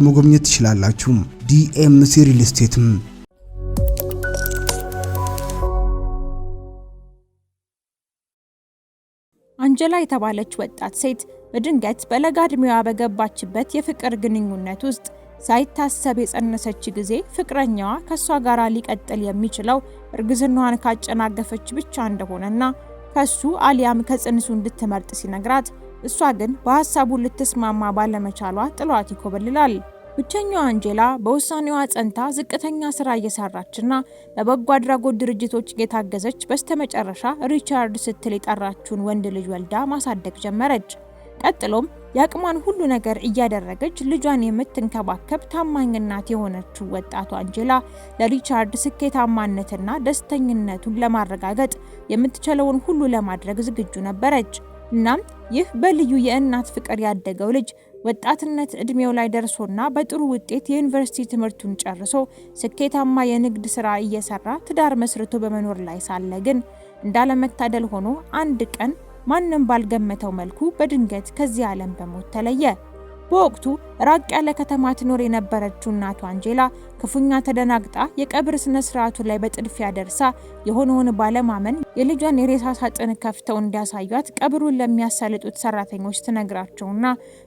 በቀላል መጎብኘት ትችላላችሁ። ዲኤምሲ ሪል ስቴትም አንጀላ የተባለች ወጣት ሴት በድንገት በለጋ ዕድሜዋ በገባችበት የፍቅር ግንኙነት ውስጥ ሳይታሰብ የጸነሰች ጊዜ ፍቅረኛዋ ከእሷ ጋር ሊቀጥል የሚችለው እርግዝናዋን ካጨናገፈች ብቻ እንደሆነና ከሱ አሊያም ከጽንሱ እንድትመርጥ ሲነግራት እሷ ግን በሀሳቡ ልትስማማ ባለመቻሏ ጥሏት ይኮበልላል። ብቸኛዋ አንጀላ በውሳኔዋ ጸንታ ዝቅተኛ ስራ እየሰራችና በበጎ አድራጎት ድርጅቶች እየታገዘች በስተመጨረሻ ሪቻርድ ስትል የጠራችውን ወንድ ልጅ ወልዳ ማሳደግ ጀመረች። ቀጥሎም የአቅሟን ሁሉ ነገር እያደረገች ልጇን የምትንከባከብ ታማኝ እናት የሆነችው ወጣቱ አንጀላ ለሪቻርድ ስኬታማነትና ደስተኝነቱን ለማረጋገጥ የምትችለውን ሁሉ ለማድረግ ዝግጁ ነበረች። እናም ይህ በልዩ የእናት ፍቅር ያደገው ልጅ ወጣትነት እድሜው ላይ ደርሶና በጥሩ ውጤት የዩኒቨርሲቲ ትምህርቱን ጨርሶ ስኬታማ የንግድ ስራ እየሰራ ትዳር መስርቶ በመኖር ላይ ሳለ ግን እንዳለመታደል ሆኖ አንድ ቀን ማንም ባልገመተው መልኩ በድንገት ከዚህ ዓለም በሞት ተለየ። በወቅቱ ራቅ ያለ ከተማ ትኖር የነበረችው እናቷ አንጄላ ክፉኛ ተደናግጣ የቀብር ስነ ስርዓቱ ላይ በጥድፊያ ደርሳ የሆነውን ባለማመን የልጇን የሬሳ ሳጥን ከፍተው እንዲያሳዩት ቀብሩን ለሚያሳልጡት ሰራተኞች ትነግራቸውና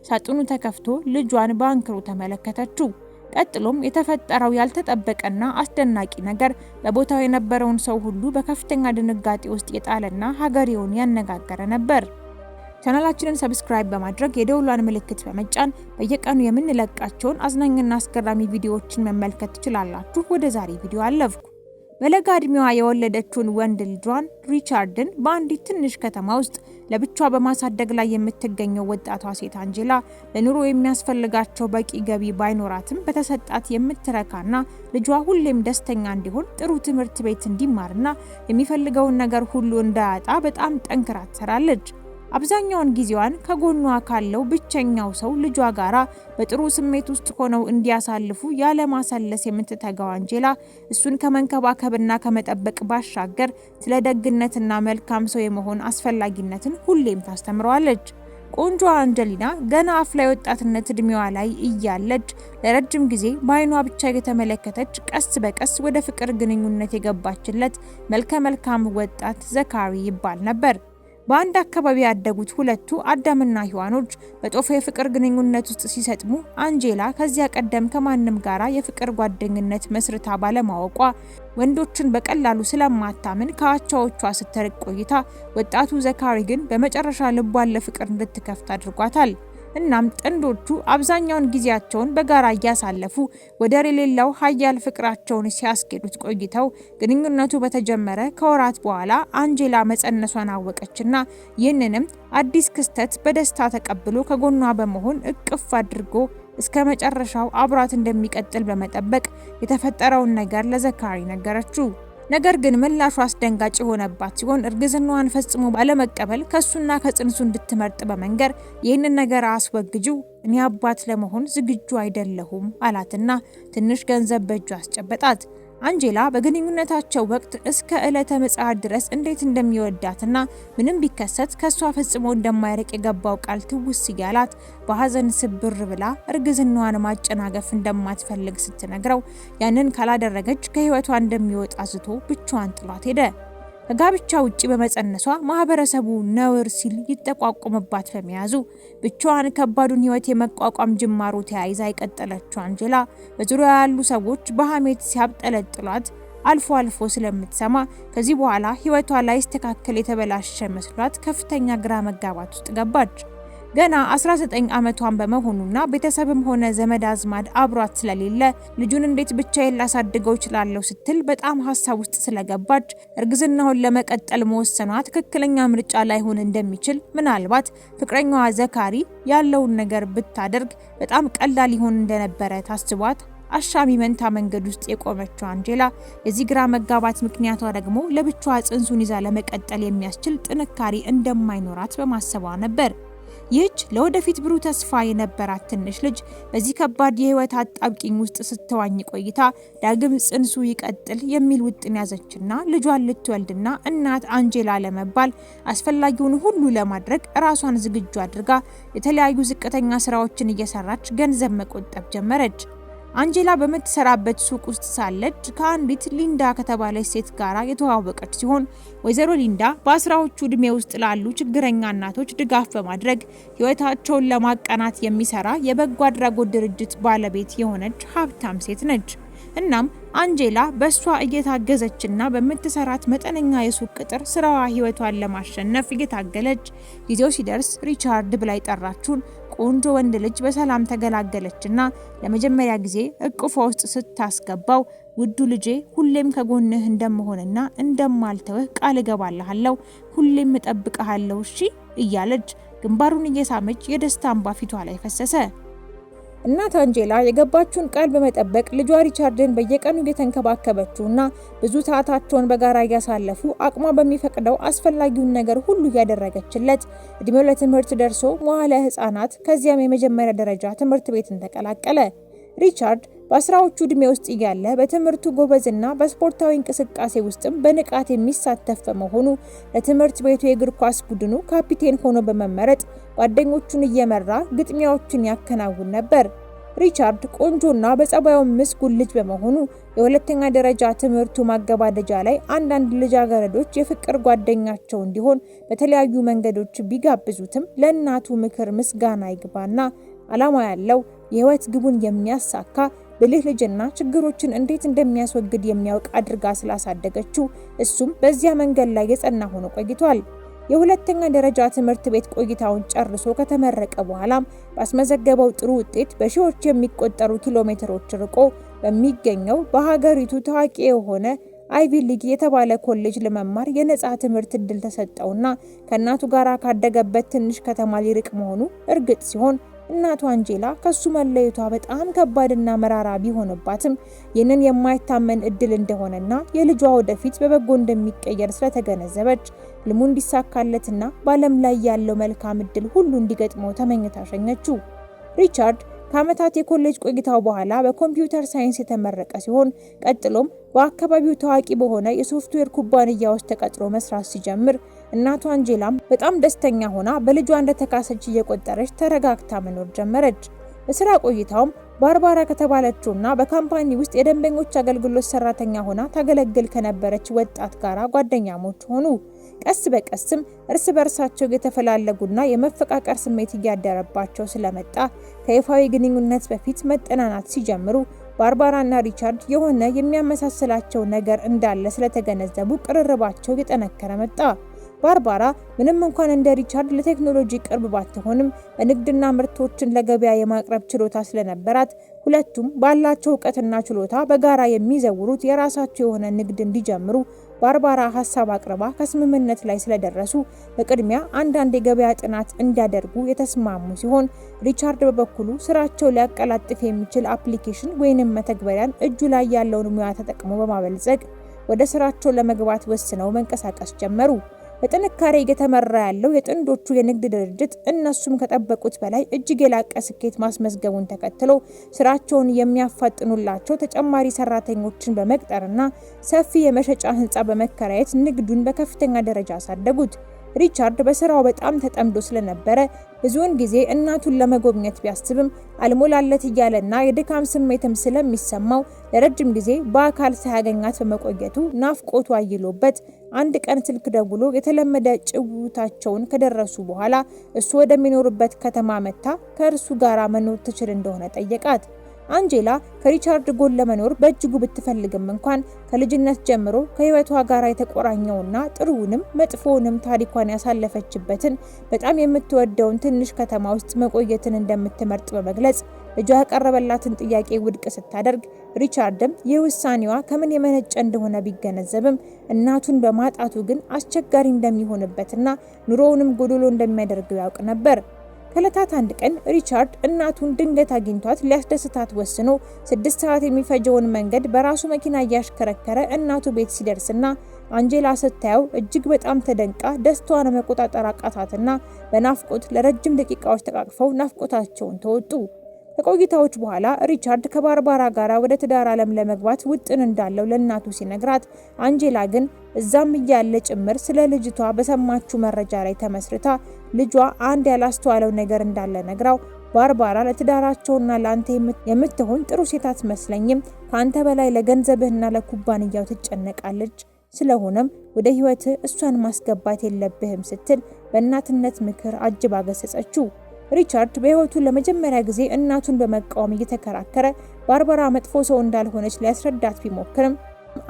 ሳጥኑ ተከፍቶ ልጇን በአንክሮ ተመለከተችው። ቀጥሎም የተፈጠረው ያልተጠበቀና አስደናቂ ነገር በቦታው የነበረውን ሰው ሁሉ በከፍተኛ ድንጋጤ ውስጥ የጣለና ሀገሬውን ያነጋገረ ነበር። ቻናላችንን ሰብስክራይብ በማድረግ የደውሏን ምልክት በመጫን በየቀኑ የምንለቃቸውን አዝናኝና አስገራሚ ቪዲዮዎችን መመልከት ትችላላችሁ። ወደ ዛሬ ቪዲዮ አለፍኩ። በለጋ እድሜዋ የወለደችውን ወንድ ልጇን ሪቻርድን በአንዲት ትንሽ ከተማ ውስጥ ለብቻ በማሳደግ ላይ የምትገኘው ወጣቷ ሴት አንጀላ ለኑሮ የሚያስፈልጋቸው በቂ ገቢ ባይኖራትም በተሰጣት የምትረካና ልጇ ሁሌም ደስተኛ እንዲሆን ጥሩ ትምህርት ቤት እንዲማርና የሚፈልገውን ነገር ሁሉ እንዳያጣ በጣም ጠንክራ ትሰራለች። አብዛኛውን ጊዜዋን ከጎኗ ካለው ብቸኛው ሰው ልጇ ጋራ በጥሩ ስሜት ውስጥ ሆነው እንዲያሳልፉ ያለማሰለስ የምትተጋው አንጀላ እሱን ከመንከባከብና ከመጠበቅ ባሻገር ስለ ደግነትና መልካም ሰው የመሆን አስፈላጊነትን ሁሌም ታስተምረዋለች። ቆንጆ አንጀሊና ገና አፍ ላይ ወጣትነት እድሜዋ ላይ እያለች ለረጅም ጊዜ በአይኗ ብቻ የተመለከተች ቀስ በቀስ ወደ ፍቅር ግንኙነት የገባችለት መልከ መልካም ወጣት ዘካሪ ይባል ነበር። በአንድ አካባቢ ያደጉት ሁለቱ አዳምና ሔዋኖች በጦፈ የፍቅር ግንኙነት ውስጥ ሲሰጥሙ አንጄላ ከዚያ ቀደም ከማንም ጋራ የፍቅር ጓደኝነት መስርታ ባለማወቋ ወንዶችን በቀላሉ ስለማታምን ከአቻዎቿ ስትርቅ ቆይታ፣ ወጣቱ ዘካሪ ግን በመጨረሻ ልቧን ለፍቅር እንድትከፍት አድርጓታል። እናም ጥንዶቹ አብዛኛውን ጊዜያቸውን በጋራ እያሳለፉ ወደር የሌለው ሀያል ፍቅራቸውን ሲያስኬዱት ቆይተው ግንኙነቱ በተጀመረ ከወራት በኋላ አንጄላ መጸነሷን አወቀችና ይህንንም አዲስ ክስተት በደስታ ተቀብሎ ከጎኗ በመሆን እቅፍ አድርጎ እስከ መጨረሻው አብሯት እንደሚቀጥል በመጠበቅ የተፈጠረውን ነገር ለዘካሪ ነገረችው። ነገር ግን ምላሹ አስደንጋጭ የሆነባት ሲሆን እርግዝናዋን ፈጽሞ ባለመቀበል ከሱና ከጽንሱ እንድትመርጥ በመንገር ይህንን ነገር አስወግጁ እኔ አባት ለመሆን ዝግጁ አይደለሁም አላትና ትንሽ ገንዘብ በእጁ አስጨበጣት። አንጄላ በግንኙነታቸው ወቅት እስከ ዕለተ ምጽአት ድረስ እንዴት እንደሚወዳትና ምንም ቢከሰት ከእሷ ፈጽሞ እንደማይርቅ የገባው ቃል ትውስ እያላት በሀዘን ስብር ብላ እርግዝናዋን ማጨናገፍ እንደማትፈልግ ስትነግረው ያንን ካላደረገች ከህይወቷ እንደሚወጣ ዝቶ ብቻዋን ጥሏት ሄደ። ከጋብቻ ውጭ በመጸነሷ ማህበረሰቡ ነውር ሲል ይጠቋቁምባት በመያዙ ብቻዋን ከባዱን ህይወት የመቋቋም ጅማሮ ተያይዛ የቀጠለችው አንጀላ በዙሪያ ያሉ ሰዎች በሀሜት ሲያብጠለጥሏት አልፎ አልፎ ስለምትሰማ ከዚህ በኋላ ህይወቷ ላይ ስተካከል የተበላሸ መስሏት ከፍተኛ ግራ መጋባት ውስጥ ገባች። ገና 19 ዓመቷን በመሆኑና ቤተሰብም ሆነ ዘመድ አዝማድ አብሯት ስለሌለ ልጁን እንዴት ብቻዬን ላሳድገው እችላለሁ ስትል በጣም ሀሳብ ውስጥ ስለገባች እርግዝናውን ለመቀጠል መወሰኗ ትክክለኛ ምርጫ ላይሆን እንደሚችል ምናልባት ፍቅረኛዋ ዘካሪ ያለውን ነገር ብታደርግ በጣም ቀላል ይሆን እንደነበረ ታስቧት አሻሚ መንታ መንገድ ውስጥ የቆመችው አንጀላ የዚህ ግራ መጋባት ምክንያቷ ደግሞ ለብቻዋ ጽንሱን ይዛ ለመቀጠል የሚያስችል ጥንካሬ እንደማይኖራት በማሰቧ ነበር። ይህች ለወደፊት ብሩህ ተስፋ የነበራት ትንሽ ልጅ በዚህ ከባድ የህይወት አጣብቂኝ ውስጥ ስትዋኝ ቆይታ ዳግም ጽንሱ ይቀጥል የሚል ውጥን ያዘችና ልጇን ልትወልድና እናት አንጄላ ለመባል አስፈላጊውን ሁሉ ለማድረግ ራሷን ዝግጁ አድርጋ የተለያዩ ዝቅተኛ ስራዎችን እየሰራች ገንዘብ መቆጠብ ጀመረች። አንጀላ በምትሰራበት ሱቅ ውስጥ ሳለች ከአንዲት ሊንዳ ከተባለች ሴት ጋር የተዋወቀች ሲሆን ወይዘሮ ሊንዳ በአስራዎቹ ዕድሜ ውስጥ ላሉ ችግረኛ እናቶች ድጋፍ በማድረግ ሕይወታቸውን ለማቀናት የሚሰራ የበጎ አድራጎት ድርጅት ባለቤት የሆነች ሀብታም ሴት ነች። እናም አንጀላ በእሷ እየታገዘችና በምትሰራት መጠነኛ የሱቅ ቅጥር ስራዋ ህይወቷን ለማሸነፍ እየታገለች ጊዜው ሲደርስ ሪቻርድ ብላይ ጠራችሁን። ቆንጆ ወንድ ልጅ በሰላም ተገላገለችና ለመጀመሪያ ጊዜ እቅፏ ውስጥ ስታስገባው ውዱ ልጄ ሁሌም ከጎንህ እንደመሆንና እንደማልተውህ ቃል እገባልሃለሁ፣ ሁሌም እጠብቀሃለሁ፣ እሺ እያለች ግንባሩን እየሳመች የደስታ እንባ ፊቷ ላይ ፈሰሰ። እናት አንጄላ የገባችውን ቃል በመጠበቅ ልጇ ሪቻርድን በየቀኑ እየተንከባከበችው እና ብዙ ሰዓታቸውን በጋራ እያሳለፉ አቅሟ በሚፈቅደው አስፈላጊውን ነገር ሁሉ እያደረገችለት እድሜው ለትምህርት ደርሶ መዋለ ህጻናት ከዚያም የመጀመሪያ ደረጃ ትምህርት ቤትን ተቀላቀለ። ሪቻርድ በአስራዎቹ ዕድሜ ውስጥ እያለ በትምህርቱ ጎበዝና በስፖርታዊ እንቅስቃሴ ውስጥም በንቃት የሚሳተፍ በመሆኑ ለትምህርት ቤቱ የእግር ኳስ ቡድኑ ካፒቴን ሆኖ በመመረጥ ጓደኞቹን እየመራ ግጥሚያዎችን ያከናውን ነበር። ሪቻርድ ቆንጆና በጸባዩ ምስጉን ልጅ በመሆኑ የሁለተኛ ደረጃ ትምህርቱ ማገባደጃ ላይ አንዳንድ ልጃገረዶች የፍቅር ጓደኛቸው እንዲሆን በተለያዩ መንገዶች ቢጋብዙትም ለእናቱ ምክር ምስጋና ይግባና ዓላማ ያለው የህይወት ግቡን የሚያሳካ ብልህ ልጅና ችግሮችን እንዴት እንደሚያስወግድ የሚያውቅ አድርጋ ስላሳደገችው እሱም በዚያ መንገድ ላይ የጸና ሆኖ ቆይቷል። የሁለተኛ ደረጃ ትምህርት ቤት ቆይታውን ጨርሶ ከተመረቀ በኋላም ባስመዘገበው ጥሩ ውጤት በሺዎች የሚቆጠሩ ኪሎ ሜትሮች ርቆ በሚገኘው በሀገሪቱ ታዋቂ የሆነ አይቪ ሊግ የተባለ ኮሌጅ ለመማር የነጻ ትምህርት እድል ተሰጠውና ከእናቱ ጋር ካደገበት ትንሽ ከተማ ሊርቅ መሆኑ እርግጥ ሲሆን እናቷ አንጄላ ከሱ መለየቷ በጣም ከባድና መራራ ቢሆንባትም ይህንን የማይታመን እድል እንደሆነና የልጇ ወደፊት በበጎ እንደሚቀየር ስለተገነዘበች ልሙ እንዲሳካለትና በዓለም ላይ ያለው መልካም እድል ሁሉ እንዲገጥመው ተመኝታ ሸኘችው። ሪቻርድ ከዓመታት የኮሌጅ ቆይታው በኋላ በኮምፒውተር ሳይንስ የተመረቀ ሲሆን ቀጥሎም በአካባቢው ታዋቂ በሆነ የሶፍትዌር ኩባንያ ውስጥ ተቀጥሮ መስራት ሲጀምር እናቷ አንጀላም በጣም ደስተኛ ሆና በልጇ እንደተካሰች እየቆጠረች ተረጋግታ መኖር ጀመረች። በስራ ቆይታውም ባርባራ ከተባለችውና በካምፓኒ ውስጥ የደንበኞች አገልግሎት ሰራተኛ ሆና ታገለግል ከነበረች ወጣት ጋራ ጓደኛሞች ሆኑ። ቀስ በቀስም እርስ በርሳቸው የተፈላለጉና የመፈቃቀር ስሜት እያደረባቸው ስለመጣ ከይፋዊ ግንኙነት በፊት መጠናናት ሲጀምሩ ባርባራና ሪቻርድ የሆነ የሚያመሳስላቸው ነገር እንዳለ ስለተገነዘቡ ቅርርባቸው እየጠነከረ መጣ። ባርባራ ምንም እንኳን እንደ ሪቻርድ ለቴክኖሎጂ ቅርብ ባትሆንም በንግድና ምርቶችን ለገበያ የማቅረብ ችሎታ ስለነበራት ሁለቱም ባላቸው እውቀትና ችሎታ በጋራ የሚዘውሩት የራሳቸው የሆነ ንግድ እንዲጀምሩ ባርባራ ሀሳብ አቅርባ ከስምምነት ላይ ስለደረሱ በቅድሚያ አንዳንድ የገበያ ጥናት እንዲያደርጉ የተስማሙ ሲሆን ሪቻርድ በበኩሉ ስራቸው ሊያቀላጥፍ የሚችል አፕሊኬሽን ወይንም መተግበሪያን እጁ ላይ ያለውን ሙያ ተጠቅሞ በማበልጸግ ወደ ስራቸው ለመግባት ወስነው መንቀሳቀስ ጀመሩ። በጥንካሬ እየተመራ ያለው የጥንዶቹ የንግድ ድርጅት እነሱም ከጠበቁት በላይ እጅግ የላቀ ስኬት ማስመዝገቡን ተከትሎ ስራቸውን የሚያፋጥኑላቸው ተጨማሪ ሰራተኞችን በመቅጠርና ሰፊ የመሸጫ ህንፃ በመከራየት ንግዱን በከፍተኛ ደረጃ አሳደጉት። ሪቻርድ በስራው በጣም ተጠምዶ ስለነበረ ብዙውን ጊዜ እናቱን ለመጎብኘት ቢያስብም አልሞላለት እያለና የድካም ስሜትም ስለሚሰማው ለረጅም ጊዜ በአካል ሳያገኛት በመቆየቱ ናፍቆቱ አይሎበት አንድ ቀን ስልክ ደውሎ የተለመደ ጭውታቸውን ከደረሱ በኋላ እሱ ወደሚኖርበት ከተማ መታ ከእርሱ ጋር መኖር ትችል እንደሆነ ጠየቃት። አንጄላ ከሪቻርድ ጎን ለመኖር በእጅጉ ብትፈልግም እንኳን ከልጅነት ጀምሮ ከህይወቷ ጋር የተቆራኘውና ጥሩውንም መጥፎውንም ታሪኳን ያሳለፈችበትን በጣም የምትወደውን ትንሽ ከተማ ውስጥ መቆየትን እንደምትመርጥ በመግለጽ ልጇ ያቀረበላትን ጥያቄ ውድቅ ስታደርግ ሪቻርድም ይህ ውሳኔዋ ከምን የመነጨ እንደሆነ ቢገነዘብም እናቱን በማጣቱ ግን አስቸጋሪ እንደሚሆንበትና ኑሮውንም ጎዶሎ እንደሚያደርገው ያውቅ ነበር። ከእለታት አንድ ቀን ሪቻርድ እናቱን ድንገት አግኝቷት ሊያስደስታት ወስኖ ስድስት ሰዓት የሚፈጀውን መንገድ በራሱ መኪና እያሽከረከረ እናቱ ቤት ሲደርስና አንጄላ ስታየው እጅግ በጣም ተደንቃ ደስታዋን መቆጣጠር አቃታትና በናፍቆት ለረጅም ደቂቃዎች ተቃቅፈው ናፍቆታቸውን ተወጡ። ከቆይታዎች በኋላ ሪቻርድ ከባርባራ ጋር ወደ ትዳር ዓለም ለመግባት ውጥን እንዳለው ለእናቱ ሲነግራት፣ አንጄላ ግን እዛም እያለ ጭምር ስለ ልጅቷ በሰማችው መረጃ ላይ ተመስርታ ልጇ አንድ ያላስተዋለው ነገር እንዳለ ነግራው ባርባራ ለትዳራቸውና ለአንተ የምትሆን ጥሩ ሴት አትመስለኝም፣ ከአንተ በላይ ለገንዘብህና ለኩባንያው ትጨነቃለች፣ ስለሆነም ወደ ህይወትህ እሷን ማስገባት የለብህም ስትል በእናትነት ምክር አጅባ ገሰጸችው። ሪቻርድ በህይወቱ ለመጀመሪያ ጊዜ እናቱን በመቃወም እየተከራከረ ባርባራ መጥፎ ሰው እንዳልሆነች ሊያስረዳት ቢሞክርም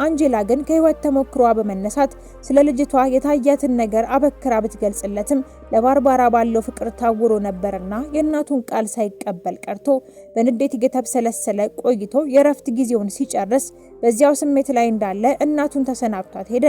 አንጀላ ግን ከህይወት ተሞክሯ በመነሳት ስለ ልጅቷ የታያትን ነገር አበክራ ብትገልጽለትም ለባርባራ ባለው ፍቅር ታውሮ ነበርና የእናቱን ቃል ሳይቀበል ቀርቶ በንዴት እየተብሰለሰለ ቆይቶ የእረፍት ጊዜውን ሲጨርስ በዚያው ስሜት ላይ እንዳለ እናቱን ተሰናብቷት ሄደ።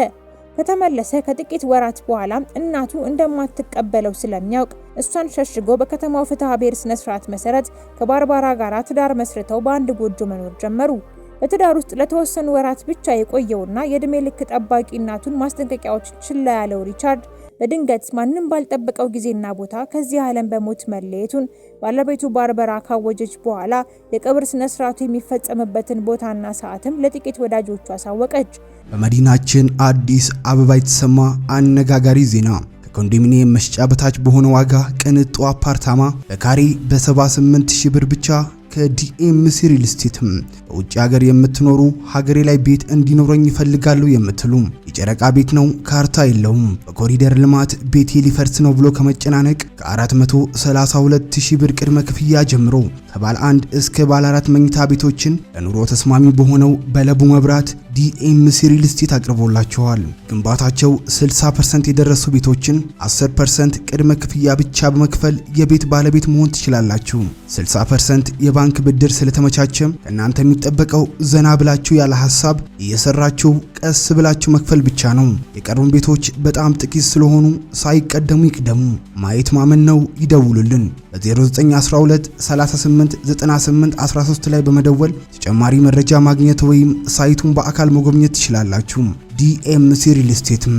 ከተመለሰ ከጥቂት ወራት በኋላ እናቱ እንደማትቀበለው ስለሚያውቅ እሷን ሸሽጎ በከተማው ፍትሐ ብሔር ስነ ስርዓት መሰረት ከባርባራ ጋር ትዳር መስርተው በአንድ ጎጆ መኖር ጀመሩ። በትዳር ውስጥ ለተወሰኑ ወራት ብቻ የቆየውና የእድሜ ልክ ጠባቂ እናቱን ማስጠንቀቂያዎች ችላ ያለው ሪቻርድ በድንገት ማንም ባልጠበቀው ጊዜና ቦታ ከዚህ ዓለም በሞት መለየቱን ባለቤቱ ባርበራ ካወጀች በኋላ የቀብር ስነ ስርዓቱ የሚፈጸምበትን ቦታና ሰዓትም ለጥቂት ወዳጆቹ አሳወቀች። በመዲናችን አዲስ አበባ የተሰማ አነጋጋሪ ዜና ከኮንዶሚኒየም መሸጫ በታች በሆነ ዋጋ ቅንጡ አፓርታማ በካሬ በ78 ሺህ ብር ብቻ ከዲኤም ሲሪል ስቴትም በውጭ ሀገር የምትኖሩ ሀገሬ ላይ ቤት እንዲኖረኝ ይፈልጋለሁ የምትሉ የጨረቃ ቤት ነው፣ ካርታ የለውም፣ በኮሪደር ልማት ቤቴ ሊፈርስ ነው ብሎ ከመጨናነቅ ከ432000 ብር ቅድመ ክፍያ ጀምሮ ከባለ አንድ እስከ ባለ አራት መኝታ ቤቶችን ለኑሮ ተስማሚ በሆነው በለቡ መብራት ዲኤምሲ ሪል ስቴት አቅርቦላቸዋል። ግንባታቸው 60% የደረሱ ቤቶችን 10% ቅድመ ክፍያ ብቻ በመክፈል የቤት ባለቤት መሆን ትችላላችሁ። 60% የባንክ ብድር ስለተመቻቸም ከእናንተ የሚጠበቀው ዘና ብላችሁ ያለ ሀሳብ እየሰራችሁ ቀስ ብላችሁ መክፈል ብቻ ነው። የቀሩን ቤቶች በጣም ጥቂት ስለሆኑ ሳይቀደሙ ይቅደሙ። ማየት ማመን ነው። ይደውሉልን በ0912 38 98 13 ላይ በመደወል ተጨማሪ መረጃ ማግኘት ወይም ሳይቱን በአካል መጎብኘት ትችላላችሁ። ዲኤምሲ ሪል ስቴትም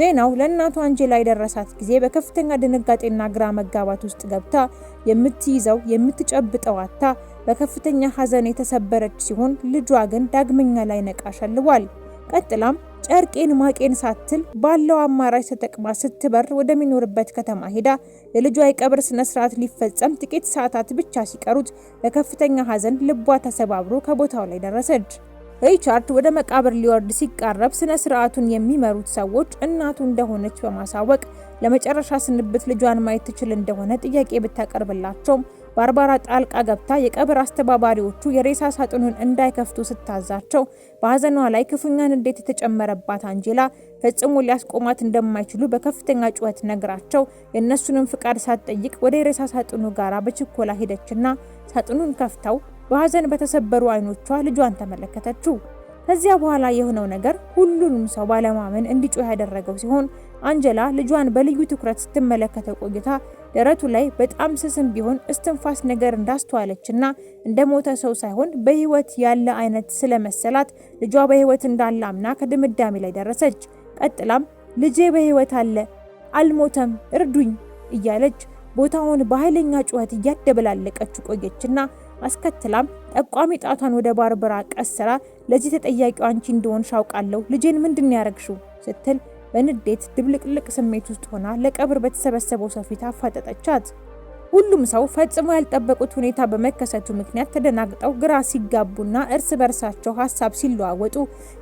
ዜናው ለእናቱ አንጀላ የደረሳት ጊዜ በከፍተኛ ድንጋጤና ግራ መጋባት ውስጥ ገብታ የምትይዘው የምትጨብጠው አታ በከፍተኛ ሐዘን የተሰበረች ሲሆን ልጇ ግን ዳግመኛ ላይ ነቃ ሸልቧል። ቀጥላም ጨርቄን ማቄን ሳትል ባለው አማራጭ ተጠቅማ ስትበር ወደሚኖርበት ከተማ ሄዳ የልጇ የቀብር ስነ ስርዓት ሊፈጸም ጥቂት ሰዓታት ብቻ ሲቀሩት በከፍተኛ ሐዘን ልቧ ተሰባብሮ ከቦታው ላይ ደረሰች። ሪቻርድ ወደ መቃብር ሊወርድ ሲቃረብ ስነ ስርዓቱን የሚመሩት ሰዎች እናቱ እንደሆነች በማሳወቅ ለመጨረሻ ስንብት ልጇን ማየት ትችል እንደሆነ ጥያቄ ብታቀርብላቸውም ባርባራ ጣልቃ ገብታ የቀብር አስተባባሪዎቹ የሬሳ ሳጥኑን እንዳይከፍቱ ስታዛቸው በሀዘኗ ላይ ክፉኛ ንዴት የተጨመረባት አንጄላ ፈጽሞ ሊያስቆማት እንደማይችሉ በከፍተኛ ጩኸት ነግራቸው የእነሱንም ፍቃድ ሳትጠይቅ ወደ የሬሳ ሳጥኑ ጋራ በችኮላ ሄደችና ሳጥኑን ከፍተው በሀዘን በተሰበሩ አይኖቿ ልጇን ተመለከተችው። ከዚያ በኋላ የሆነው ነገር ሁሉንም ሰው ባለማመን እንዲጮህ ያደረገው ሲሆን አንጀላ ልጇን በልዩ ትኩረት ስትመለከተው ቆይታ ደረቱ ላይ በጣም ስስም ቢሆን እስትንፋስ ነገር እንዳስተዋለች እንደ ሞተ ሰው ሳይሆን በህይወት ያለ አይነት ስለመሰላት ልጇ በህይወት እንዳለ አምና ከድምዳሜ ላይ ደረሰች። ቀጥላም ልጄ በህይወት አለ፣ አልሞተም፣ እርዱኝ እያለች ቦታውን በኃይለኛ ጩኸት እያደበላለቀች ቆየችና አስከትላም ጠቋሚ ጣቷን ወደ ባርበራ ቀስራ ለዚህ ተጠያቂው አንቺ እንደሆንሽ አውቃለሁ፣ ልጄን ምንድን ያረግሽው ስትል በንዴት ድብልቅልቅ ስሜት ውስጥ ሆና ለቀብር በተሰበሰበው ሰው ፊት አፋጠጠቻት። ሁሉም ሰው ፈጽሞ ያልጠበቁት ሁኔታ በመከሰቱ ምክንያት ተደናግጠው ግራ ሲጋቡና እርስ በርሳቸው ሀሳብ ሲለዋወጡ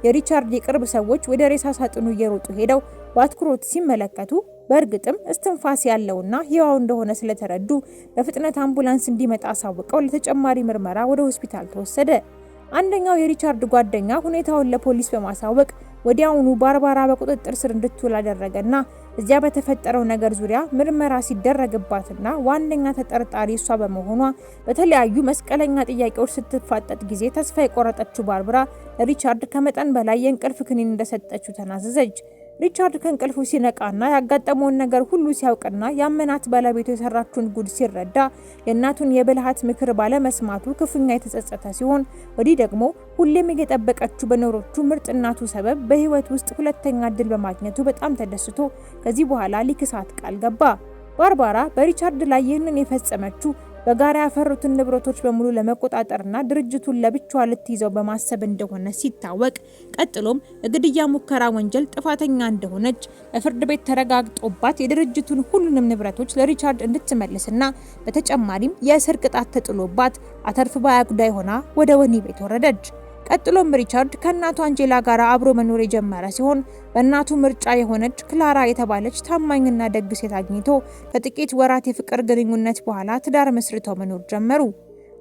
የሪቻርድ የቅርብ ሰዎች ወደ ሬሳ ሳጥኑ እየሮጡ ሄደው በአትኩሮት ሲመለከቱ በእርግጥም እስትንፋስ ያለውና ሕያው እንደሆነ ስለተረዱ በፍጥነት አምቡላንስ እንዲመጣ አሳውቀው ለተጨማሪ ምርመራ ወደ ሆስፒታል ተወሰደ። አንደኛው የሪቻርድ ጓደኛ ሁኔታውን ለፖሊስ በማሳወቅ ወዲያውኑ ባርባራ በቁጥጥር ስር እንድትውል አደረገና እዚያ በተፈጠረው ነገር ዙሪያ ምርመራ ሲደረግባትና ዋነኛ ተጠርጣሪ እሷ በመሆኗ በተለያዩ መስቀለኛ ጥያቄዎች ስትፋጠጥ ጊዜ ተስፋ የቆረጠችው ባርባራ ሪቻርድ ከመጠን በላይ የእንቅልፍ ክኒን እንደሰጠችው ተናዘዘች። ሪቻርድ ከእንቅልፉ ሲነቃና ያጋጠመውን ነገር ሁሉ ሲያውቅና ያመናት ባለቤቱ የሰራችውን ጉድ ሲረዳ የእናቱን የብልሃት ምክር ባለመስማቱ ክፉኛ የተጸጸተ ሲሆን ወዲህ ደግሞ ሁሌም የጠበቀችው በኖሮቹ ምርጥ እናቱ ሰበብ በህይወት ውስጥ ሁለተኛ እድል በማግኘቱ በጣም ተደስቶ ከዚህ በኋላ ሊክሳት ቃል ገባ። ባርባራ በሪቻርድ ላይ ይህንን የፈጸመችው በጋራ ያፈሩትን ንብረቶች በሙሉ ለመቆጣጠርና ድርጅቱን ለብቻዋ ልትይዘው በማሰብ እንደሆነ ሲታወቅ፣ ቀጥሎም እግድያ ሙከራ ወንጀል ጥፋተኛ እንደሆነች በፍርድ ቤት ተረጋግጦባት የድርጅቱን ሁሉንም ንብረቶች ለሪቻርድ እንድትመልስና በተጨማሪም የእስር ቅጣት ተጥሎባት አተርፍ ባይ ሆና ወደ ወህኒ ቤት ወረደች። ቀጥሎም ሪቻርድ ከእናቱ አንጄላ ጋር አብሮ መኖር የጀመረ ሲሆን በእናቱ ምርጫ የሆነች ክላራ የተባለች ታማኝና ደግ ሴት አግኝቶ ከጥቂት ወራት የፍቅር ግንኙነት በኋላ ትዳር መስርተው መኖር ጀመሩ።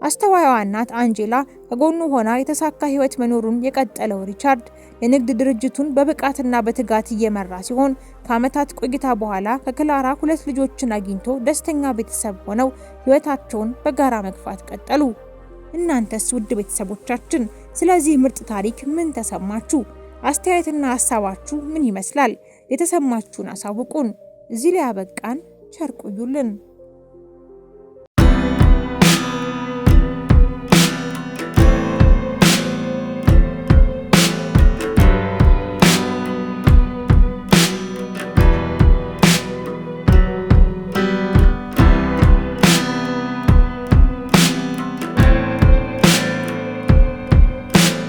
አስተዋይዋ እናት አንጄላ ከጎኑ ሆና የተሳካ ሕይወት መኖሩን የቀጠለው ሪቻርድ የንግድ ድርጅቱን በብቃትና በትጋት እየመራ ሲሆን ከዓመታት ቆይታ በኋላ ከክላራ ሁለት ልጆችን አግኝቶ ደስተኛ ቤተሰብ ሆነው ሕይወታቸውን በጋራ መግፋት ቀጠሉ። እናንተስ ውድ ቤተሰቦቻችን ስለዚህ ምርጥ ታሪክ ምን ተሰማችሁ? አስተያየትና ሀሳባችሁ ምን ይመስላል? የተሰማችሁን አሳውቁን። እዚህ ላይ አበቃን። ቸር ቆዩልን።